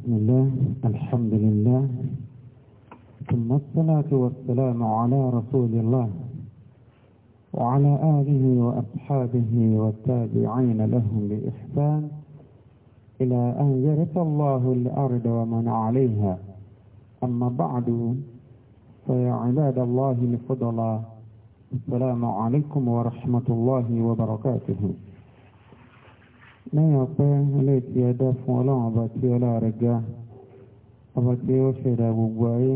بسم الله الحمد لله ثم الصلاة والسلام على رسول الله وعلى آله وأصحابه والتابعين لهم بإحسان إلى أن يرث الله الأرض ومن عليها أما بعد فيا عباد الله الفضلاء السلام عليكم ورحمة الله وبركاته lẹ́yìn ọpẹ́ eléyìí ẹ̀dá fún ọlọ́run ọba tí ọlá rẹ̀ ga ọba tí ó ṣẹ̀dá gbogbo ayé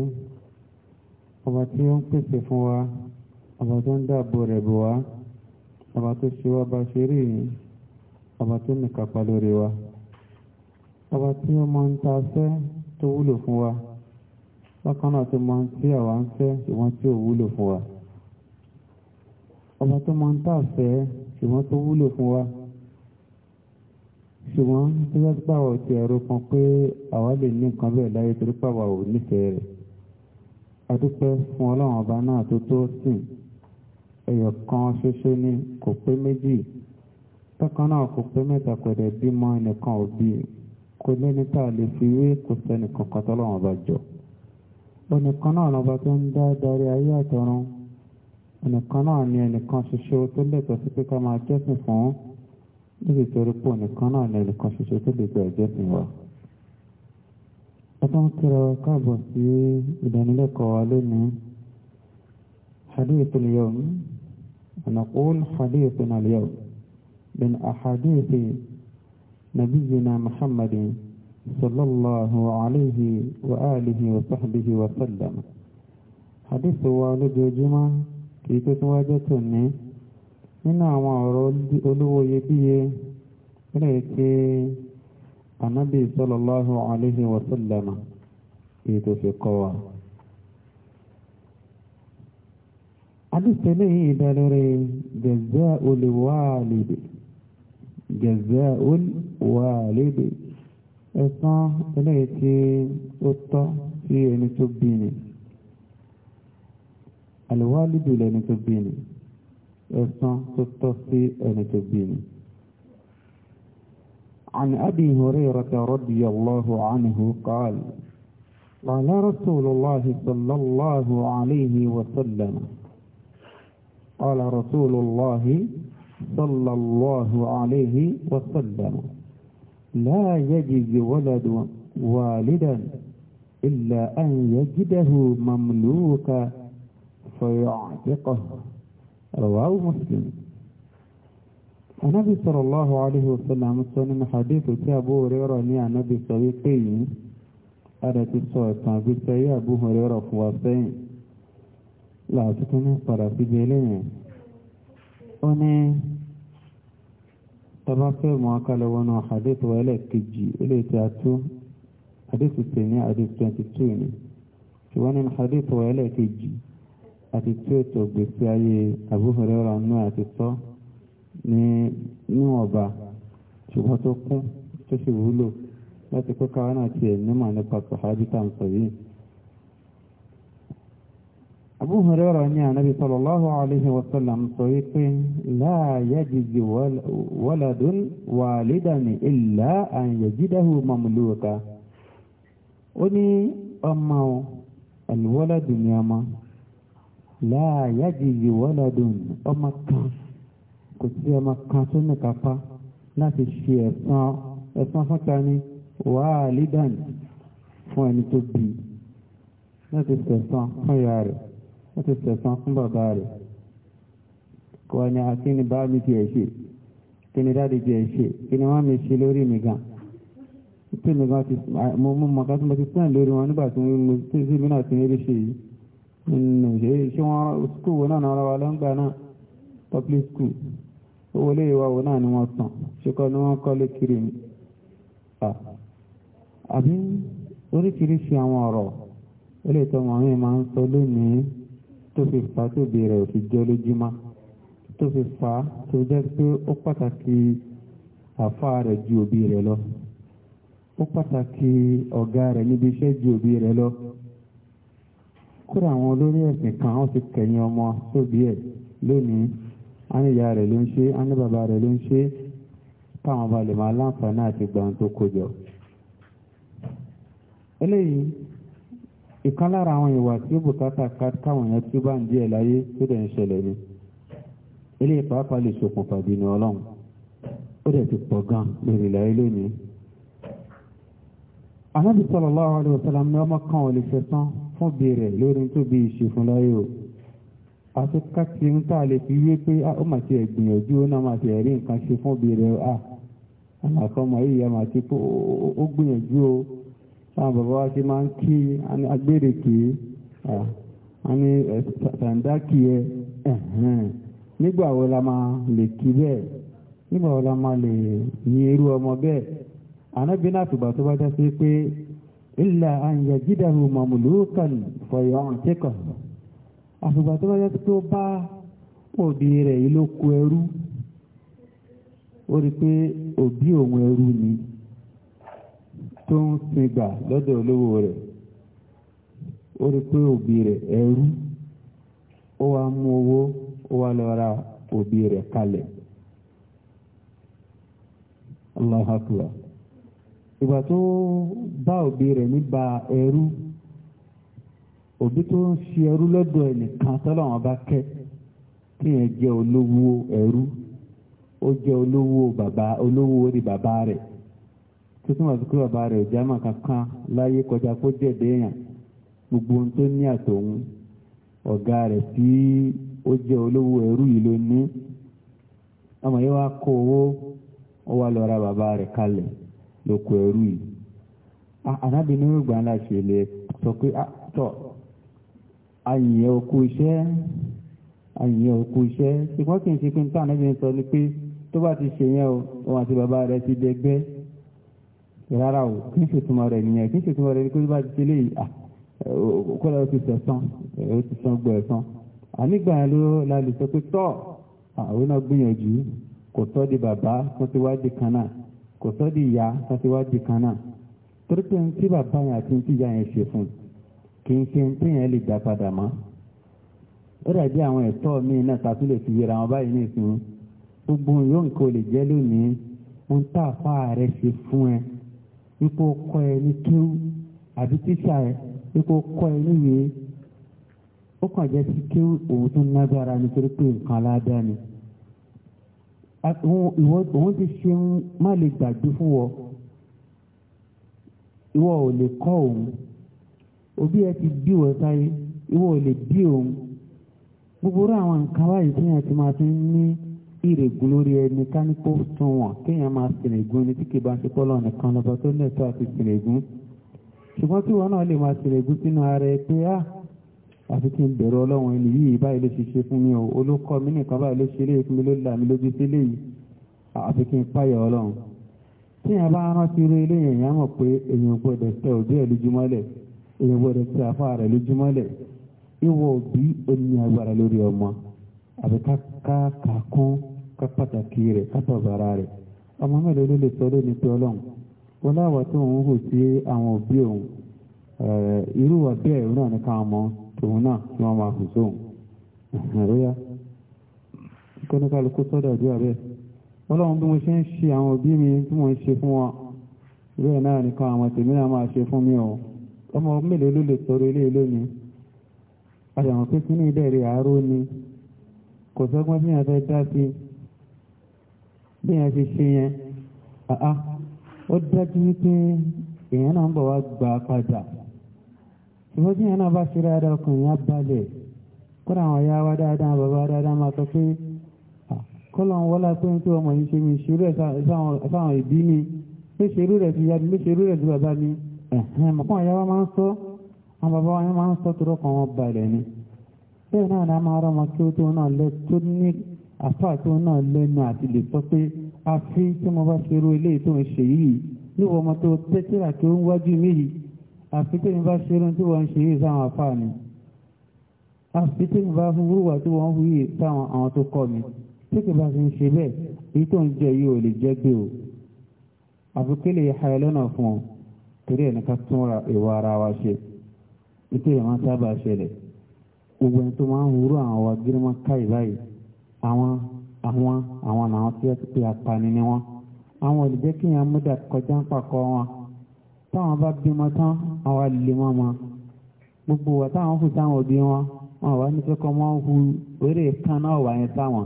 ọba tí ó ń pèsè fún wa ọba tó ń dáàbò rẹ̀ bò wá ọba tó ṣe wá bá ṣe rí yìí ọba tó ní kápá lórí wa ọba tí ó máa ń ta fẹ́ tó wúlò fún wa bákan náà tó máa ń tí àwa ń fẹ́ ìwọ̀n tí ò wúlò fún wa ọba tó máa ń ta fẹ́ ìwọ̀n tó wúlò fún wa ṣùgbọ́n tó bá gbà ọ̀ ti ẹ̀rọ kan pé àwa lè ní nǹkan bẹ́ẹ̀ láyé torí pàwà ò nífẹ̀ẹ́ rẹ̀ adúpẹ́ fún ọlọ́run ọba náà tó tó sìn ẹyọ kan ṣoṣo ni kò pé méjì tọkàn náà kò pé mẹ́ta pẹ̀lẹ́ bímọ ẹnìkan òbí kò lẹ́ni tá a lè fi wé kò sẹ́ni kankan tọ́lọ́run ọba jọ ẹnìkan náà lọ́ba tó ń dá darí ayé àtọ̀run ẹnìkan náà ni ẹnìkan ṣoṣo tó lẹ́tọ̀ọ́ sí pé ká máa jọ́sìn fún un níbi torí pò nìkan náà lẹ́nu kan ṣoṣo tó lè gba ẹ̀jẹ̀ sìn wá. ọtọ́ ń kíra káàbọ̀ sí ìdánilẹ́kọ̀ọ́ wa lónìí hadith al-yawm naqul hadithuna al-yawm min ahadithi nabiyyina muhammadin صلى الله عليه وآله وصحبه وسلم حديث والد جمع كي تتواجد الناس nínú àwọn ọ̀rọ̀ olówó iyebíye rẹ̀ tí anábì sallallahu alaihi wa sallam ètò fi kọ́ wa. adìsẹ́lẹ̀ yìí dá lórí jazaa'ul walidi jazaa'ul walidi ẹ̀san eléyìí ó tọ́ sí ẹni tó bí ni lẹni tó bí إرسان تستفي تبيني عن أبي هريرة رضي الله عنه قال قال رسول الله صلى الله عليه وسلم قال رسول الله صلى الله عليه وسلم لا يجد ولد والدا إلا أن يجده مملوكا فيعتقه رواه مسلم النبي صلى الله عليه وسلم سنن حديث أبو هريرة ní النبي sọ wípé yìí ara ti sọ ìtàn àgbésí ayé Abu Hurairah fún wa sẹ́yìn láàtúntún ní padà síbi eléyìn ó ní tọ́ba fẹ́ mọ́ akálẹ̀ wọnú hadith wa ẹlẹ́ẹ̀kejì eléyìí tí a tú hadith tèmi hadith twenty two ni ṣùgbọ́n nínú hadith wa ẹlẹ́ẹ̀kejì àti tí ó tó gbèsè ayé Abu Hurairah náà àti tọ́ ní níwọ̀nba ṣùgbọ́n tó kún tó sì wúlò láti pé káwa náà tiẹ̀ nímọ̀ nípa sàhábí tá à ń sọ yìí. Abu Hurairah ní ànábi sallallahu alayhi wa sallam sọ wípé la yajizi waladun walidani illa an yajidahu mamluka. ó ní ọmọ alwaladu ní ọmọ láàyájì ìwọ́lọ́dún ọmọ kan kò sí ọmọ kan tó ní kápá láti ṣe ẹ̀san ẹ̀san fúnta ní wàá fún ẹni tó bí láti ṣẹ̀san fún ìyá rẹ̀ láti ṣẹ̀san fún bàbá rẹ̀ kò wá ní akíní bá mi tiẹ̀ ṣe kí ni dáàdi tiẹ̀ ṣe kí ni wọ́n mi ṣe lórí mi gan tí mi gan ti mo mọ kan tí mo ti sàn lórí wọn nígbà tí mo ti sí mi náà ti ń rí ṣe yìí nìyí ṣé wọ́n skul wo náà náà wà lọ́ngbà náà public school owó lè wà wo náà ni wọ́n tàn ṣe kọ́ ni wọ́n kọ́lé kiri ni. àbí oríṣiríṣi àwọn ọ̀rọ̀ eléyìí tó wọ́n yẹn máa ń sọ lónìí tó fi fà á tó bèrè òfin jẹ́ lójúmọ́ tó fi fà tó jẹ́ pé ó pàtàkì àfa rẹ̀ ju òbí rẹ̀ lọ ó pàtàkì ọ̀gá rẹ̀ níbi iṣẹ́ ju òbí rẹ̀ lọ kódà àwọn olórí ẹ̀sìn kan wọ́n ti kẹ̀yìn ọmọ sóbi ẹ̀ lónìí ánìyá rẹ̀ ló ń ṣe ánìbàbà rẹ̀ ló ń ṣe táwọn ọba lè máa láǹfààní àti gbọ̀n tó kojọ. eléyìí ìkan lára àwọn ìwà tí ó bùkátà káwọn èèyàn tí ó bá ń díẹ̀ láyé tó dẹ̀ ń ṣẹlẹ̀ ni eléyìí pàápàá lè ṣokùnfà ìbínú ọlọ́run ó dẹ̀ ti pọ̀ gan lórí ilẹ̀ lónìí. anábì sallallahu alaihi wasallam fún bèrè lórí tó bí ìṣe fún láyé o àti káti ń tà lè fi wé pé ah, ó mà ti ẹ̀gbìyànjú ó náà mà ti ẹ̀rí nǹkan ṣe fún bèrè o ah, àmàkọ́mọ yìí yẹ màá ti kó ó gbìyànjú o táwọn bàbá wa ti máa ń kí agbèrè kì í a ní sàǹdákì yẹ nígbà wo la máa lè kí bẹ́ẹ̀ nígbà wo la máa lè yin irú ọmọ bẹ́ẹ̀ ànábìínà àtùbà tó bá dá sí pé. ilà àyànjídàrú mọ̀mùlùkàn fọ̀yọ̀hún tẹ́kọ̀ àfìgbà tó bá yẹ tó bá òbí rẹ̀ yìí ló ẹrú ó rí pé òbí òun ni tó ń sin gbà lọ́dọ̀ olówó rẹ o ìgbà tó bá òbí rẹ̀ nígbà ẹrú òbí tó ń ṣe ẹrú lọ́dọ̀ ẹnìkan tọ́lọ́wọ́n bá kẹ́ kí yẹn jẹ́ olówó ẹrú ó jẹ́ olówó bàbá olówó orí bàbá rẹ̀ tó tún wà sí pé bàbá rẹ̀ ò jámà kankan láyé kọjá kó jẹ̀dẹ̀ èèyàn gbogbo ohun tó ní àtòun ọ̀gá rẹ̀ tí ó jẹ́ olówó ẹrú yìí ló ní ọmọ yẹn wá kó owó ó wá lọ ra bàbá rẹ̀ kalẹ̀ lóko ẹrú yìí arábìnrin yóò gbà láti ilé sọ pé tọ ayìnyẹ oko iṣẹ́ ayìnyẹ oko iṣẹ́ ṣùgbọ́n kì í ṣe pé nípa anábìnrin sọ ni pé tó bá ti ṣe yẹn o òun àti bàbá rẹ ti dẹgbẹ́ rárá o kì í ṣe túmọ̀ rẹ̀ nìyẹn kì í ṣe túmọ̀ rẹ̀ ni pé tó bá ti ṣe léyìí kọ́lá ó ti sẹ̀sán ó ti san gbọ́ ẹ̀sán ànígbà yẹn ló la lè sọ pé tọ́ àwọn náà gbìyànjú kò tọ́ di bàbá tó ti wá di kan náà kò sọ́ di ìyá láti wá di kan náà torí pé ń tí bàbá yẹn àti ń tí ìyá yẹn ṣe fún kì í ṣe ń tí yẹn lè dá padà mọ́ ó dàbí àwọn ẹ̀tọ́ míì náà tàbí lè fi yẹra wọn báyìí ní gbogbo yóò ń kó lè jẹ́ lónìí ń tà fá rẹ̀ ṣe fún ẹ ipò kọ́ ẹ ní kíú àbí tíṣà ẹ ipò kọ́ ẹ níwèé ó kàn jẹ́ sí kíú òun tó nágbára nítorí pé nǹkan aládàá ni. Kiri, òun ti ṣeun má lè gbàgbé fún wọ ìwọ ò lè kọ́ òun òbí ẹ ti bí wọ sáyé ìwọ ò lè bí òun gbogbo rẹ àwọn nǹkan báyìí tí yẹn ti máa fi ń ní ìrègùn lórí ẹni kánípò tún wọn kéèyàn máa sìnrègùn ni tí kì bá ń ṣe pọ́lọ́ nìkan lọ́bọ tó lẹ́tọ́ àti sìnrègùn ṣùgbọ́n tí wọn náà lè máa sìnrègùn sínú ara ẹ pé ah àfi kí n bẹ̀rù ọlọ́run ẹni yìí báyìí ló ṣe ṣe fún mi o olókọ mi nìkan báyìí ló ṣe lé fún mi ló là mí lójú sí léyìí àfi kí n páyà ọlọ́run tí èèyàn bá rántí irú ilé yẹn yẹn mọ̀ pé èèyàn gbọ́dọ̀ tẹ òbí ẹ̀ lójúmọ́lẹ̀ èèyàn gbọ́dọ̀ tẹ afá rẹ̀ lójúmọ́lẹ̀ ìwọ òbí oní agbára lórí ọmọ àbí ká kà kún ká pàtàkì rẹ̀ ká tọ̀bàrà rẹ̀ ọmọ mẹ́rin ló lè sọ tòun náà ni wọ́n máa fi sóhun àríyá kọ́nìkàlùkù sọ́dọ̀ àdúrà bẹ́ẹ̀ ọlọ́run bí mo ṣe ń ṣe àwọn òbí mi tí mo ń ṣe fún wọn bẹ́ẹ̀ náà nìkan àwọn tèmi náà máa ṣe fún mi ọ̀ ọmọ mélòó ló lè sọ̀rọ̀ ilé lónìí àyàwọn pé kíní ìbẹ̀rẹ̀ àárò ni kò sọ́gbọ́n bí yẹn fẹ́ dá sí bí yẹn fi ṣe yẹn àá ó dájú wípé èèyàn náà ń bọ̀ wá gbà padà ìwọ́jú yẹn náà bá fi dáadáa ọkùnrin yẹn balẹ̀ kódà àwọn ọ̀yá wa dáadáa bàbá dáadáa máa sọ pé kọ́lọ̀ ń wọ́lá pé ń tó ọmọ yìí ṣe mi ṣerú ẹ̀ sáwọn ìbí mi ló ṣerú rẹ̀ ti ya mi ló ṣerú rẹ̀ ti bàbá mi ẹ̀hẹ́n mọ̀kàn ọ̀yá wa máa ń sọ àwọn bàbá wa máa ń sọ tó rọ́kàn wọn balẹ̀ ni bẹ́ẹ̀ náà la máa rọmọ kí ó tó náà lẹ tó ní àfà tó náà lẹ́nu àti lè sọ pé a fi tí mo bá ṣerú eléyìí tó ń ṣe yìí níwọ̀n ọmọ tó tẹ́tíra tó ń wájú mi yìí àfitẹ́ ní bá ṣerun tí wọ́n ń ṣe yìí sáwọn afá mi àfitẹ́ ní bá fún wúwà tí wọ́n ń wúyè sáwọn àwọn tó kọ́ mi tí kì bá ti ń ṣe bẹ́ẹ̀ èyí tó ń jẹ yìí ò lè jẹ́ gbé o àfikẹ́lẹ̀ ìhàyà lọ́nà fún ọ torí ẹ̀ ní ká tún ìwà ara wa ṣe ètò ìyẹn máa sábà ṣẹlẹ̀ gbogbo ẹni tó máa ń wúrú àwọn wa gírímọ̀ káyì báyìí àwọn àwọn àwọn làwọn tí wọ́n ti pè apani ni wọ́n àwọn olùjẹ́kìyàn múdà kọjá ń pàkọ́ wọn táwọn bá bímọ tán àwọn àlèmọ́ ma gbogbo wa táwọn kù táwọn òbí wọn wọn wá ní kẹ́kọ̀ọ́ wọn hu eré kaná ọ̀wà yẹn táwọn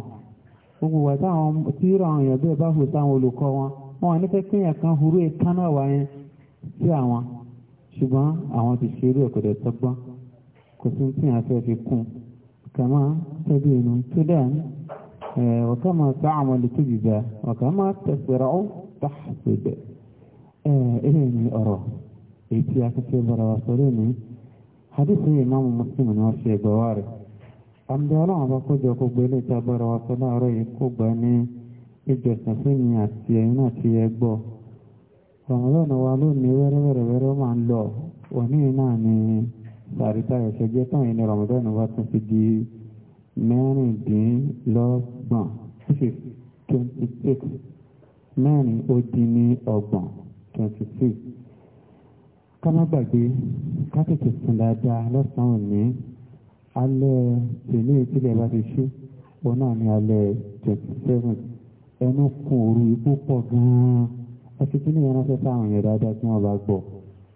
gbogbo wa táwọn tíra àwọn èèyàn bẹ́ẹ̀ bá hù táwọn olùkọ́ wọn wọn ní kẹ́kẹ́ yẹn kan hurú kaná ọ̀wà yẹn sí àwọn ṣùgbọ́n àwọn ti ṣe eré ọ̀kọ̀dẹ̀ tọ́gbọ́n kò sí tí a fẹ́ fi kún kàmá tẹ́bí inú tó dà wọ́n kàmá sáà mọ́lẹ̀ tó jìjà wọ́n kàmá tẹ̀sẹ̀rọ̀ tàṣẹ̀dẹ̀ eléyìí eh, eh, eh, ni ọ̀rọ̀ èyí tí a ti ṣe bọ̀rọ̀ wá sọ́rọ́ ní hadithi ìmáàmù muslim ni wọ́n ṣe gbọ́wá rẹ̀ àmì ọlọ́run bá kójọ kó gbé ilé ìta bọ̀rọ̀ wá sọ́ láàárọ̀ yìí kó gbà ní ìjọsìn fún mi àti ẹ̀yin náà ti yẹ gbọ́ rọ̀mọlọ́nà wa lónìí wẹ́rẹ́wẹ́rẹ́wẹ́rẹ́ máa ń lọ òní náà ni sàríta ẹ̀ṣẹ̀ jẹ́ tán yìí ni rọ̀mọlọ́nà wa tún fi di mẹ́rìndínlọ́gbọ̀n twenty six mẹ́rin ó dín ní ọgbọ̀n twenty three ká má gbàgbé ká tètè sùn dáadáa lọ́sàn-án òní alẹ́ tèmi ìtìlẹ̀ bá ti ṣú òun náà ní alẹ́ twenty seven ẹnu kun òru ikú pọ̀ gan-an ẹtí kí ni ìránṣẹ́ sáwọn èèyàn dáadáa tí wọ́n bá gbọ́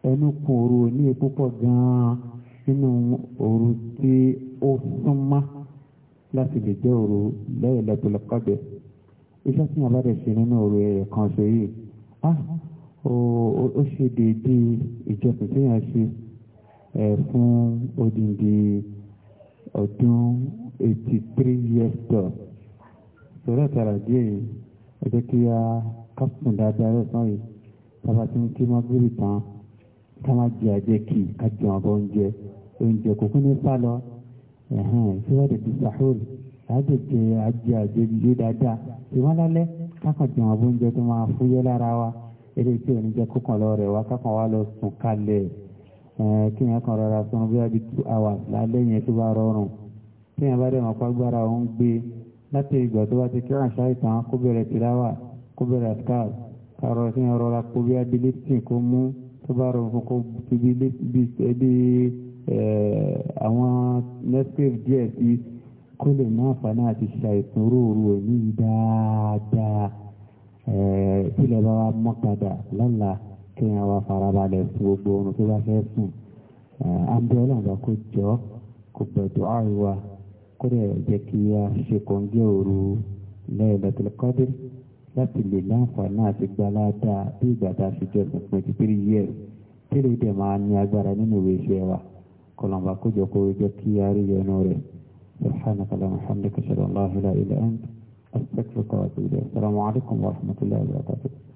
ẹnu kun òru ní ikú pọ̀ gan-an nínú òru tí ó súnmá láti lè jẹ́ òru lẹ́yìn lẹ́tọ̀lẹ́kọ́dẹ̀ iṣẹ́ tí wọ́n bá dẹ̀ ṣe nínú òru ẹ̀yẹ̀ kan ṣe yìí ah! ó ṣe déédéé ìjọsìn tí yàn ṣe fún odindi ọdún eighty three years plus sọ̀rọ̀ tààrà díẹ̀ ẹ jẹ́ kí a kápùn dáadáa lọ́sàn-án yìí tábà tí ń kí mọ́gírì tán ká má jẹ àjẹ kì í ká jẹun àbọ̀ oúnjẹ oúnjẹ kòkó ní sálọ síwájú ti sàhóòl láti jẹ àjẹ àjẹ yìí dáadáa ìwọ́n lálẹ́ ká kàn jẹun àbọ̀ oúnjẹ tó máa fúyẹ́ lára wa eré tí òní jẹ́ kókàn lọ rẹ̀ wá kákan wá lọ sùn kalẹ̀ kí yẹn kan rọra sọ̀rọ̀ bí wábi two hours lálẹ́ yẹn tó bá rọrùn kí yẹn bá dẹ̀ wọn pàgbára ó ń gbé láti ìgbà tó bá ti kí wọn ṣáà ìtàn kó bẹ̀rẹ̀ tìláwà kó bẹ̀rẹ̀ àtàl kárọ̀ kí yẹn rọra kó bí wábi lẹ́sìn kó mú tó bá rọrùn fún kó fi bí àwọn nescape díẹ̀ sí kó lè ní àǹfààní àti ṣàìsàn róòrò ẹ̀ ní dáadáa ìpìlẹ̀ eh, bá wa mọ́ padà lọ́la kí wọ́n wá farabalẹ̀ fún gbogbo ohun tó bá fẹ́ sùn àbí ọlọ́ọ̀dà kò jọ kò gbẹ̀dọ̀ àríwá kó dẹ̀ jẹ́ kí a ṣe kòńgẹ́ òru Laylatul Qadr láti lè láǹfààní àti gbalada bí ìgbà tá a fi jọ sùn twenty three years tí lè dẹ̀ máa ní agbára nínú ìwé iṣẹ́ wa kọlọ̀mbà kó jọ kó jẹ́ kí a rí yọnu rẹ̀ subhanaka Allahumma wa bihamdika ashhadu an la ilaha illa anta. استكفي قواتي السلام عليكم ورحمة الله وبركاته